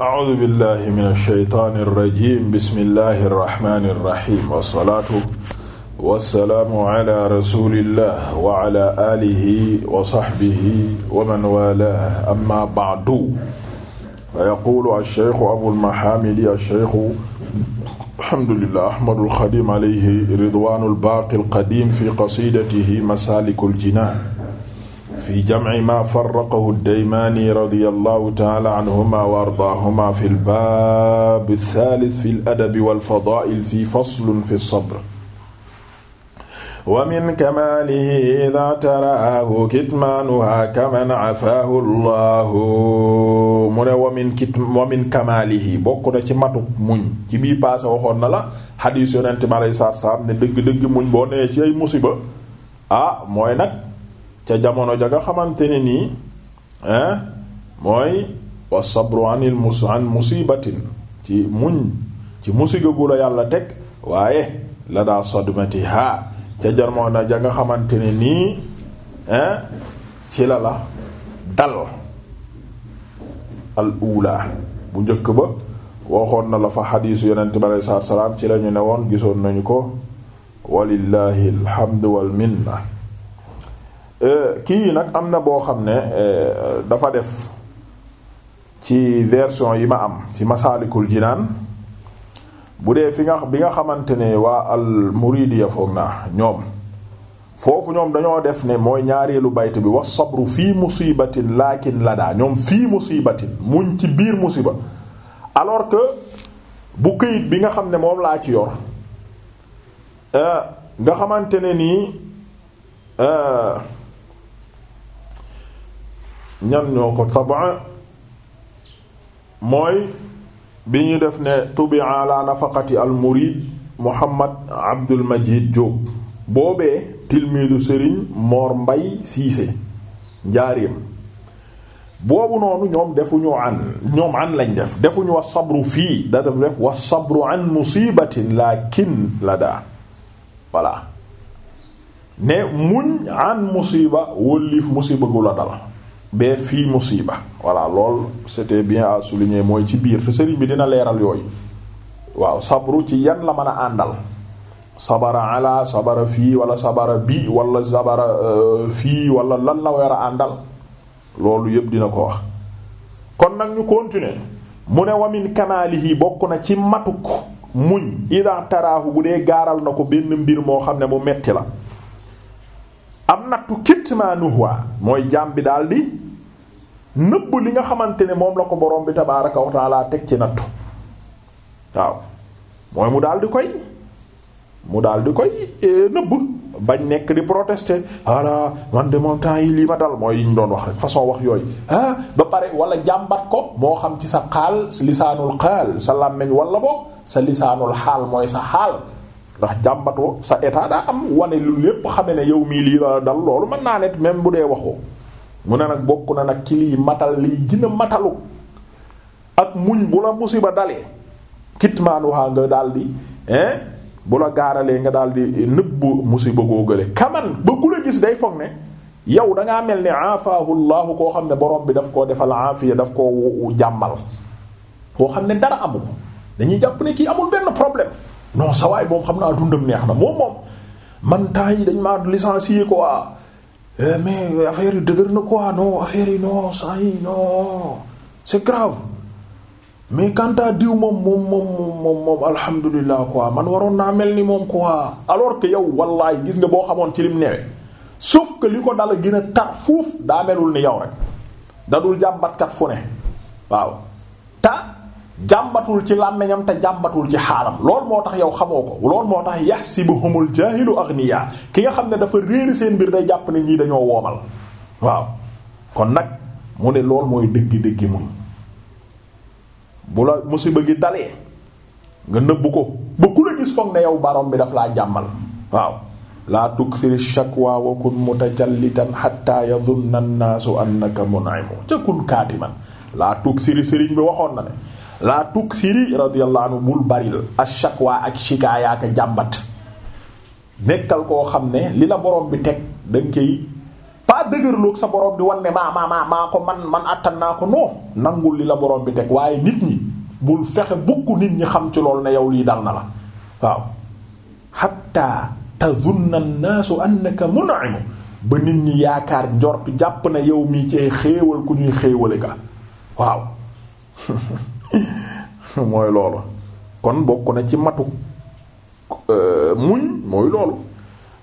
a'uudu billahi mina shaytaani rajiim bismillahi rahmaani rahiim wasalaatu wasalaamu ala rasulillah wa ala aalihi wa sahbihi wa man waalaahu amma ba'du fa yaquulu ash-shaykhu abul mahaamidi ash-shaykhu alhamdulillah ahmadu al-xadiim alayhi ridwaanu al-baaqi al-qadiim fi qasiidatihi masaalikul jinaan fi jamci ma farraqahu ad-Daymaani radiyallahu ta'ala anhuma wa ardaahuma fi al-baab ath-thaalith fi al-adab wal-fadaa'il fi faslun fi as-sabr wa min kamaalihi idhaa taraahu kitmaanuhaa kaman afaahu Allahu mu ne wa min kit wa min kamaalihi bokk na ci matu muñ ci bii paase waxoon na la xadiis Yonent bi alayhi salaatu wa salaam ne dëgg-dëgg muñ boo nee ci ay musiba ah mooy nag. ca jamono ja nga xamante ne nii hein mooy wasabru anil an musibatin ci muñ ci musiga gu la yàlla teg waaye la daa sadmatiha ca jamono ja nga xamante ne nii hein ci la la dal al ula bu njëkk ba waxoon na la fa xadiisu yonente bi alei salaam ci la ñu ne woon gisoon nañu ko walillahi alhamdu wal Euh, kii nag am na boo xam ne euh, dafa def ci version yi ma am ci masaalikul jinaan bu dee fi nga bi nga xamante ne waa al muridiya foog naa ñoom foofu ñoom dañoo def ne mooy ñaareelu bayt bi wa sabru fii musibatin laakin la ñoom fii musibatin muñ ci biir musiba alors que bu këyit bi nga xam ne moom laa ci yor euh, nga xamante ne nii ñan ñoo ko tabaa mooy bi ñu def ne tubi ala nafaqati al murid Muhammad Abdul Majid Diop boobee tilmiidu Serigne Mor Mbay Siise njaareem boobu noonu ñoom defuñu an ñoom an lañ def defuñu wa sabru fii da def def wa sabru an musibatin lakin la daa voilà ne muñ an musiba wóllif musiba la dal bee fii musiba voilà lool c'était bien à souligner mooy ci biir te sëriñ bi dina leeral yooyu waaw sabru ci yan la mën a àndal sabara ala sabara fii wala sabara bi walla sabara euh, fii wala lan la war a àndal loolu yëpp dina ko wax kon nag ñu continuer mu ne wamin kamaalihi bokk na ci matuk muñ ida taraahu bu dee gaaral na ko benn mbir moo xam ne mu metti la am nattu kitmaanuha mooy jaam bi daal di nëbb li nga xamante ne moom la ko borom bi tabaaraka wa laa teg ci nattu waaw mooy mu daal di koy mu daal di koy eh, nëbb bañ nekk di protester ala man de moom yi lii ma dal mooy yi ñu doon wax rek façon wax yooyu ah ba pare wala jàmbat ko moo xam ci sa xaal lisaanul xaal sa làmmiñ wala boog sa lisaanul xaal mooy sa xaal ndax jàmbatoo sa état daa am wane lu lépp xame ne yow mii lii la dal loolu man naa ne même bu dee waxoo mu ne nag bokk na nag ci liy matal liy gën matalu ak muñ bu la musiba dalee kitmaanuhaa nga daal di bu la gaaralee nga daal di nëbbu musiba góogale kaman ba ku la gis day foog ne yow da ngaa mel ni aafaahu llaahu koo xam ne borom bi daf koo defal aafiya daf koo jàmmal koo xam ne dara amu ko dañuy jàpp ne kii amul benn problème non sa waay moom xam naa dundam neex na moom moom man temps yi dañ maa licencier quoi euh, mais affaire yi dëgër na ko non affaire yi non saa yi non c'est grave mais quant diw moom moom moom moom moom alhamdulilah quoi man waroon naa mel ni moom quoi alors que yow wallaay gis nga boo xamoon ci lim newee sauf que li ko dala gën a fuuf daa melul ni yow rek dadul jàmbatkat fu ne waaw ta jàmbatul ci làmmiñam te jàmbatul ci xaalam loolu moo tax yow xamoo ko loolu moo tax yahsibuhumul jaahilu aghniya ki nga xam ne dafa réeri seen mbir day jàpp ne ñii dañoo woomal waaw kon nag mu ne lool mooy dëggi-dëggi muñ bu la musiba gi dalee nga nëbbu ko ba ku la gis foog ne yow barom bi daf laa jàmmal waaw laa tuksiri shakwa wa kun mutajallitan hatta yadhunna an-nasu annaka mun'imu ca kun kaatiman laa tuksiri sëriñ bi waxoon na ne laa tukk siri radiyallahu anhu bul baril ashakwa ak shikaayaaka jàmbat nekkal koo xam ne li la borom bi teg danga koy pas dëgërloog sa borom bi wan ne maa maa maa ko man man àttan naa ko non nangul li la borom bi teg waaye nit ñi bul fexe bukk nit ñi xam ci lool ne yow lii dal na la waaw hatta tazunna an-naasu annaka ba nit ñi yaakaar njort jàpp na yow mii ci xéewal ku ñuy xéewale ka waaw mooy loolu kon bokk na ci matu euh, muñ mooy loolu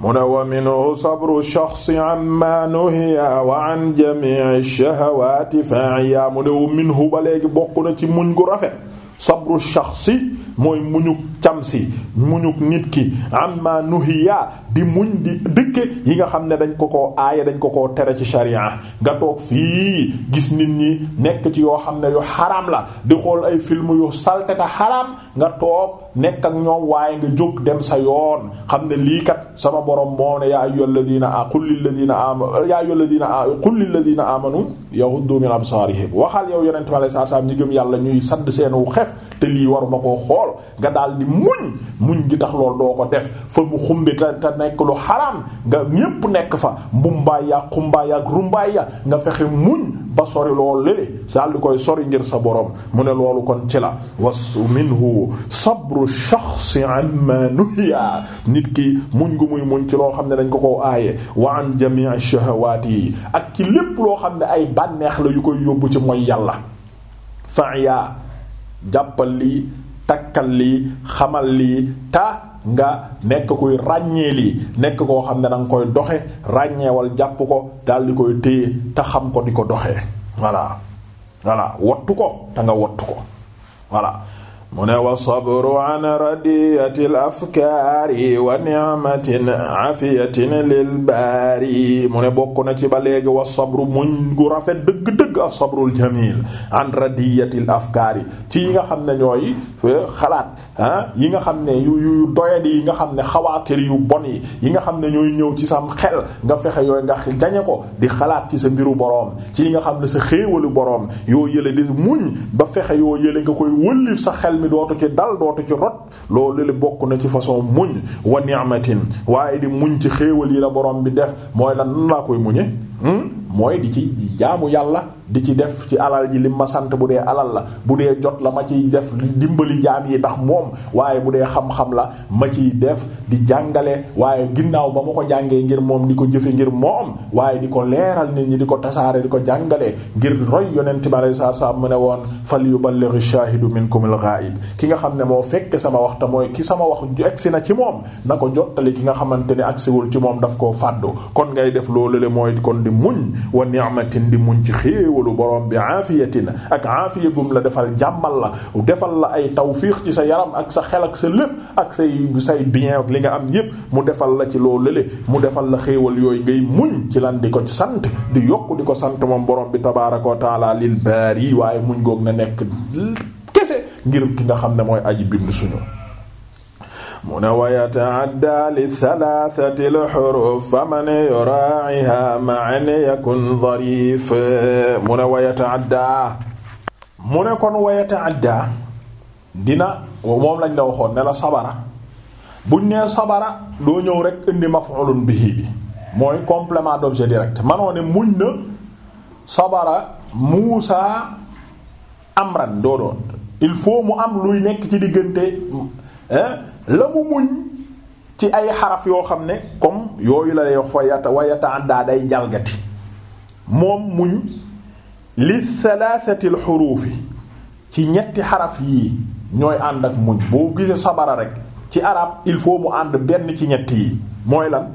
mu ne wa minhu sabru shaxsi amma nuhiya wa an jamii shahawaati fa'iya mu ne wa minhu ba léegi bokk na ci muñ gu rafet sabru shaxsi mooy muñu camsi muñuk nit ki amma nuhiya di muñ di dëkke yi nga xam ne dañ ko ko aaya dañ ko ko tere ci sharia nga toog fii gis nit ñi nekk ci yoo xam ne yu xaraam la di xool ay film yu salte ta xaraam nga toog nekk ak ñoom waaye nga jóg dem sa yoon xam ne lii kat sama borom moo ne yaa ayyuhal ladina qul lil ladina amanu yaa ayyuhal ladina qul lil ladina amanu yahuddu min absarihim waxal yow yonent bi sallallahu alayhi wasallam ñi gëm yàlla ñuy sadd seenu xef te lii waruma koo xool nga daal di muñ muñ gi tax loolu doo ko def fa mu xumbi te te nekk lu xaraam nga ñépp nekk fa mbumbaay ya xumbaay ya rumbaay ya nga fexe muñ ba sori loolu lélé daal di koy sori ngir sa boroom mu ne loolu kon ci la was minhu sabru shakhsi amma nuhiya nit ki muñ gu muy muñ ci loo xam ne dañ ko ko aaye wa an jami'i shahawaati yi ak ci lépp loo xam ne ay bànneex la yu koy yóbbu ci mooy yàlla fa'iya jàppal lii takkal lii xamal lii ta nga nekk kuy ràññee lii nekk koo xam ne da nga koy doxe ràññeewal jàpp ko daal di koy téye te xam ko di ko doxee voilà voilà wattu ko te nga wottu ko voilà mu ne wa sabru an radiyati l afkaari wa ni'matin afiyatin lil baari mu ne bokk na ci ba léegi wa sabru muñ gu rafet dëgg-dëgg a sabrul jamil an radiyati l afkaari ci yi nga xam ne ñooy euh, xalaat ah yi nga xam ne yu yu doyadi yi nga xam ne xawaatir yu bon yi yi nga xam ne ñooy ñëw ci sam xel nga fexe yooyu nga jañe ko di xalaat ci sa mbiru boroom ci yi nga xam ne sa xéewalu boroom yoo yële di muñ ba fexe yoo yële nga koy wëllif sa xel mi dootu ci dal dootu ci rot loolu li bokk na ci façon muñ wa ni'matin waaye di muñ ci xéewal yi la boroom bi def mooy lan nan laa koy muñe hmm? mooy di ci jaamu yàlla di ci def ci alal ji li ma sant bu dee alal la bu dee jot la ma ciy def dimbali jaam yi ndax moom waaye bu dee xam-xam la ma ciy def di jàngale waaye ginnaaw ba ma ko jàngee ngir moom di ko jëfe ngir moom waaye di ko leeral nit ñi di ko tasaare di ko jàngale ngir roy yonent bi alayhi salaatu salaam mu ne woon fal yuballighi shaahidu minkumul ghaa'ib ki nga xam ne moo fekke sama wax te mooy ki sama wax agsi na ci moom na ko jottali ki nga xamante ne agsiwul ci moom daf koo fàddu kon ngay def loolu le mooy kon di muñ wa ni'matin di muñ ci yaqulu borom bi na ak aafiya gum la defal jàmmal la defal la ay tawfiix ci sa yaram ak sa xel ak sa lépp ak say bien li nga am yépp mu defal la ci loo lële mu defal la xéewal yooyu ngay muñ ci lan di ko sant di yokk di ko sant moom borom bi tabaaraka wa taala lil baari waaye muñ goog na nekk kese ngir ki nga xam ne mooy aji bind suñu mu ne wa yataadda li thalathati al huruf faman yuraa'iha ma'an yakun dharif mu ne wa yataadda mu ne kon wa yataadda dina moom lañ la waxoon ne la sabara buñ nee sabara doo ñëw rek indi maf'ulun bihi bi mooy complément d'objet direct manoo ne muñ na sabara muusa amran doo doon il faut mu am luy nekk ci diggante hein la mu muñ ci ay xaraf yoo xam ne comme yooyu la lay wax fa yata wa yataaddaa day jalgati moom muñ li thalathatil xuruufi ci ñetti xaraf yii ñooy ànd ak muñ boo gisee sabara rek ci arab il faut mu ànd benn ci ñetti yi mooy lan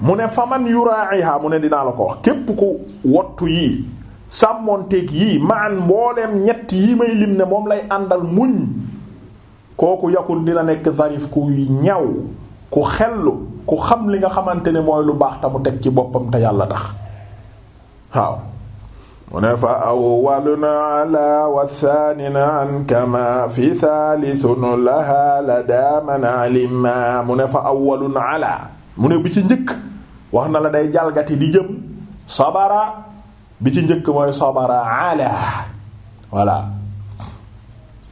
mu ne faman yuraa'iha mu ne dinaa la ko wax képp ku wottu yii sàmmoonteeg yii maan mbooleem ñett yi may lim ne moom lay àndal muñ kooku yakul dina nekk zarif ku ñaw ku xellu ku xam li nga xamante ne mooy lu baax te mu teg ci boppam te yàlla tax waaw mu ne fa awwalun ala wa thaanin mu ne bi ci njëkk wax na la day jalgati di jëm sabara bi ci njëkk mooy sabara ala voilà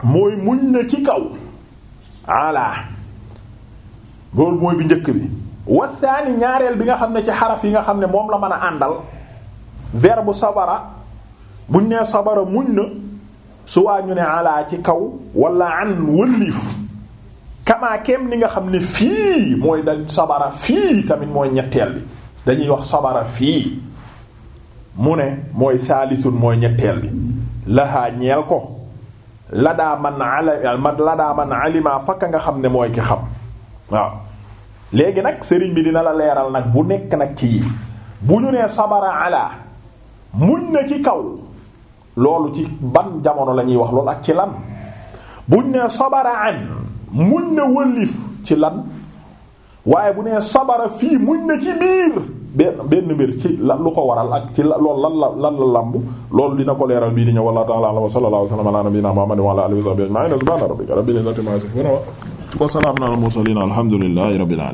mooy muñ na ci kaw ala loolu mooy bi njëkk bi wasaani ñaareel bi nga xam ne ci xaraf yi nga xam ne moom la mën a àndal verbe sabara buñ nee sabara muñ na su waa ne ala ci kaw walla an wëlliif kamaakeem ni nga xam ne fii mooy dañ sabara fii tamit mooy ñetteel bi dañuy wax sabara fii mu ne mooy saalisun mooy ñetteel bi lahaa ko ladaa man alima ladaa man alima fakka nga xam ne mooy ki xam waaw léegi nag sëriñ bi dina la leeral nag bu nekk nag ci yi bu ñu nee sabara ala muñ na ci kaw loolu ci ban jamono lañuy wax loolu ak ci lan bu ñu nee sabara an muñ na wëllif ci lan waaye bu nee sabara fii muñ na ci biir benn benn mbir ci la lu ko waral ak ci la loolu lan la lan la lamb loolu dina ko leeral bii di ñëw wallahu ta'ala wa sallallahu alayhi wa sallam ala nabiyyina Muhammad wa ala alihi wa sahbihi ajma'in subhana rabbika rabbil izzati amma yasifun wa salamun ala mursalin alhamdulillahi rabbil alamin